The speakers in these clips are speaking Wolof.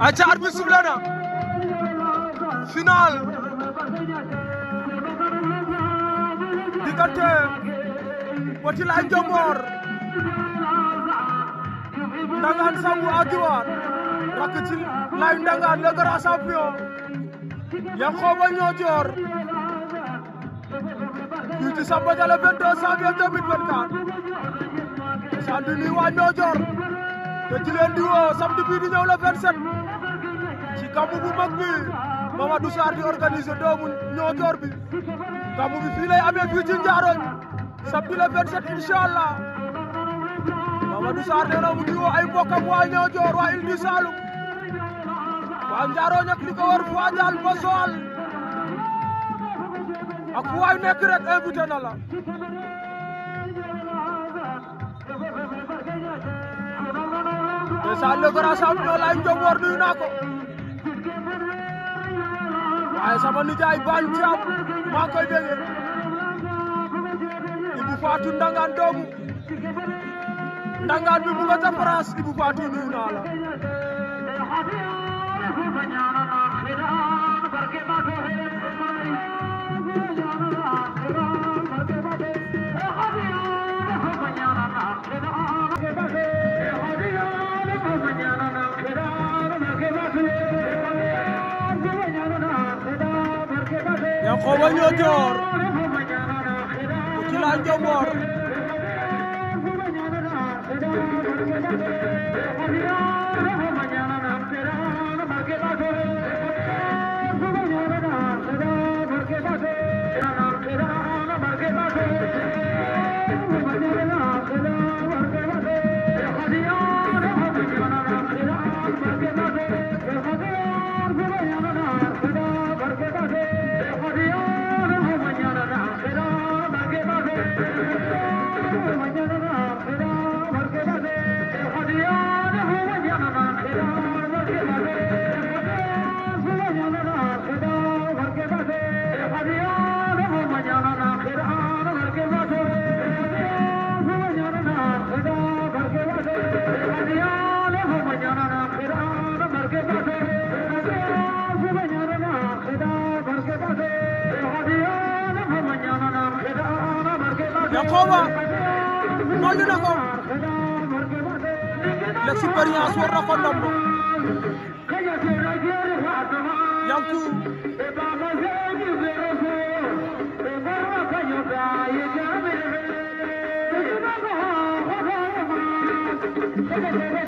aca arbitre sifflé na final diggante Petit Laye Ndiomor Ndangane Sambou à droite rakk ci Laye Ndangane le grand champion Yankhoba Niodior fii ci Samba Diallo 22 janvier 2024 sant di waa Niodior te ci leen di woo samedi la 27 ci gàmmu bu mag bi Mamadou Sarr di organiser doomu ñoo joor bi gàmmu bi fii lay amee fii ci Njaaroñ samedi le 27 incha allah Mamadou Sarr nee na mu ngi ay mbokkam waa joor waa Ile du Saloum waa Njaaroñ war Fadial ba Soal ak fu waay nekk rek invité na la. ndeysaan le grand champion Laye Ndiop War nuyu naa ko waaye sama nijaay Baal Thiam maa koy déggee Ibou Fatou Ndangaan doomu Ndangaan bi mu nga ca France Ibou nuyu naa la Yakoba Nyotor Kutula Jomor Thank you. خواب مونکي نڪم ڏاڍا مرڪي بادو لکيش پڙيا سور رکندم کي نٿو ري رها جو مان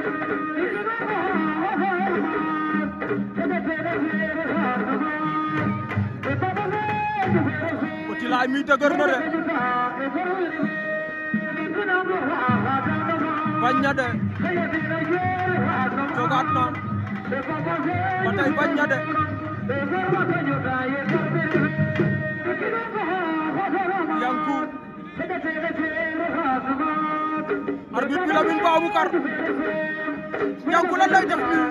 Petit Laye mi dëgër na de bañ na de jogaat na ba tey bañ na de yanku arbitre bi Lamine Baboucar Ndiankou lan lay def nii